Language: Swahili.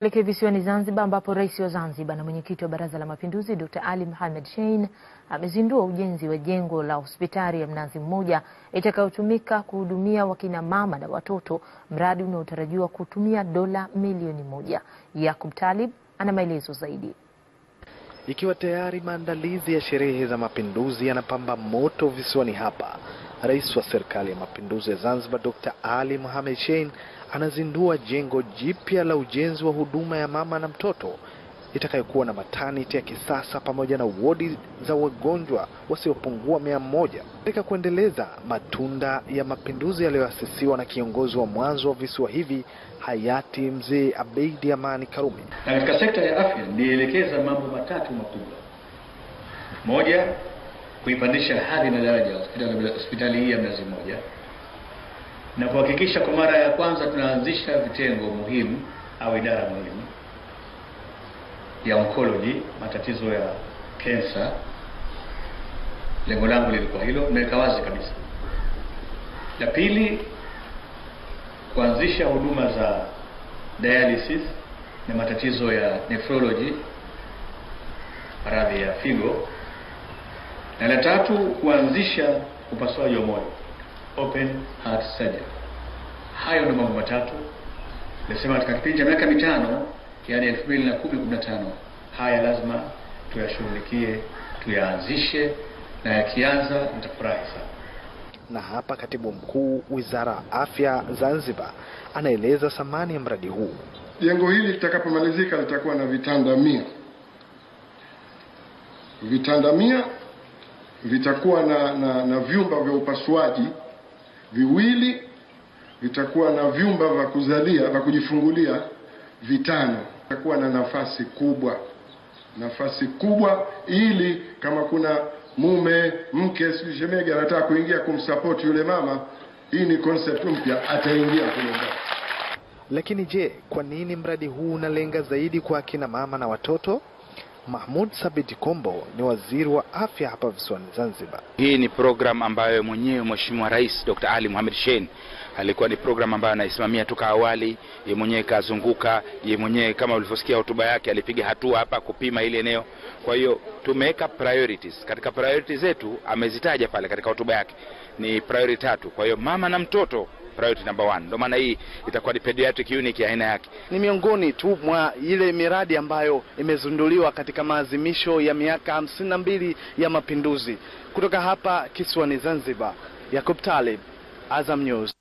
Tuelekee visiwani Zanzibar ambapo rais wa Zanzibar na mwenyekiti wa Baraza la Mapinduzi Dr. Ali Mohamed Shein amezindua ujenzi wa jengo la hospitali ya Mnazi Mmoja itakayotumika kuhudumia wakina mama na watoto, mradi unaotarajiwa kutumia dola milioni moja. Yakub Talib ana maelezo zaidi. Ikiwa tayari maandalizi ya sherehe za mapinduzi yanapamba moto visiwani hapa, rais wa serikali ya mapinduzi ya Zanzibar Dr. Ali Mohamed Shein anazindua jengo jipya la ujenzi wa huduma ya mama na mtoto itakayokuwa na mataniti ya kisasa pamoja na wodi za wagonjwa wasiopungua mia moja katika kuendeleza matunda ya mapinduzi yaliyoasisiwa na kiongozi wa mwanzo wa visiwa hivi hayati Mzee Abeidi Amani Karume. Na katika sekta ya afya nilielekeza mambo matatu makubwa: moja, kuipandisha hadhi na daraja hospitali hii ya mnazi mmoja na kuhakikisha kwa mara ya kwanza tunaanzisha vitengo muhimu au idara muhimu ya oncology, matatizo ya kensa. Lengo langu lilikuwa hilo, nimeweka wazi kabisa. La pili, kuanzisha huduma za dialysis na matatizo ya nephrology, maradhi ya figo, na la tatu, kuanzisha upasuaji wa moyo, open heart surgery. Hayo ni mambo matatu nasema katika kipindi cha miaka mitano, yani elfu mbili na kumi kumi na tano, haya lazima tuyashughulikie, tuyaanzishe, na yakianza nitafurahi sana. Na hapa katibu mkuu wizara ya afya Zanzibar anaeleza thamani ya mradi huu. Jengo hili litakapomalizika litakuwa na vitanda mia vitanda mia vitakuwa na, na, na vyumba vya upasuaji viwili vitakuwa na vyumba vya kuzalia vya kujifungulia vitano. Itakuwa na nafasi kubwa, nafasi kubwa, ili kama kuna mume mke, sijui shemega anataka kuingia kumsapoti yule mama, hii ni concept mpya, ataingia kule ndani. Lakini je, kwa nini mradi huu unalenga zaidi kwa akina mama na watoto? Mahmud sabiti Kombo ni waziri wa afya hapa visiwani Zanzibar. Hii ni program ambayo mwenyewe Mheshimiwa Rais Dr. Ali Mohamed Shein alikuwa ni program ambayo anaisimamia toka awali, ye mwenyewe kazunguka, ye mwenyewe kama ulivyosikia hotuba yake, alipiga hatua hapa kupima ile eneo. Kwa hiyo tumeweka priorities katika priorities zetu, amezitaja pale katika hotuba yake, ni priority tatu. Kwa hiyo mama na mtoto priority number one. Ndio maana hii itakuwa ni pediatric unit ya aina yake. Ni miongoni tu mwa ile miradi ambayo imezinduliwa katika maazimisho ya miaka hamsini na mbili ya mapinduzi. Kutoka hapa kisiwani Zanzibar, Yakub Talib, Azam News.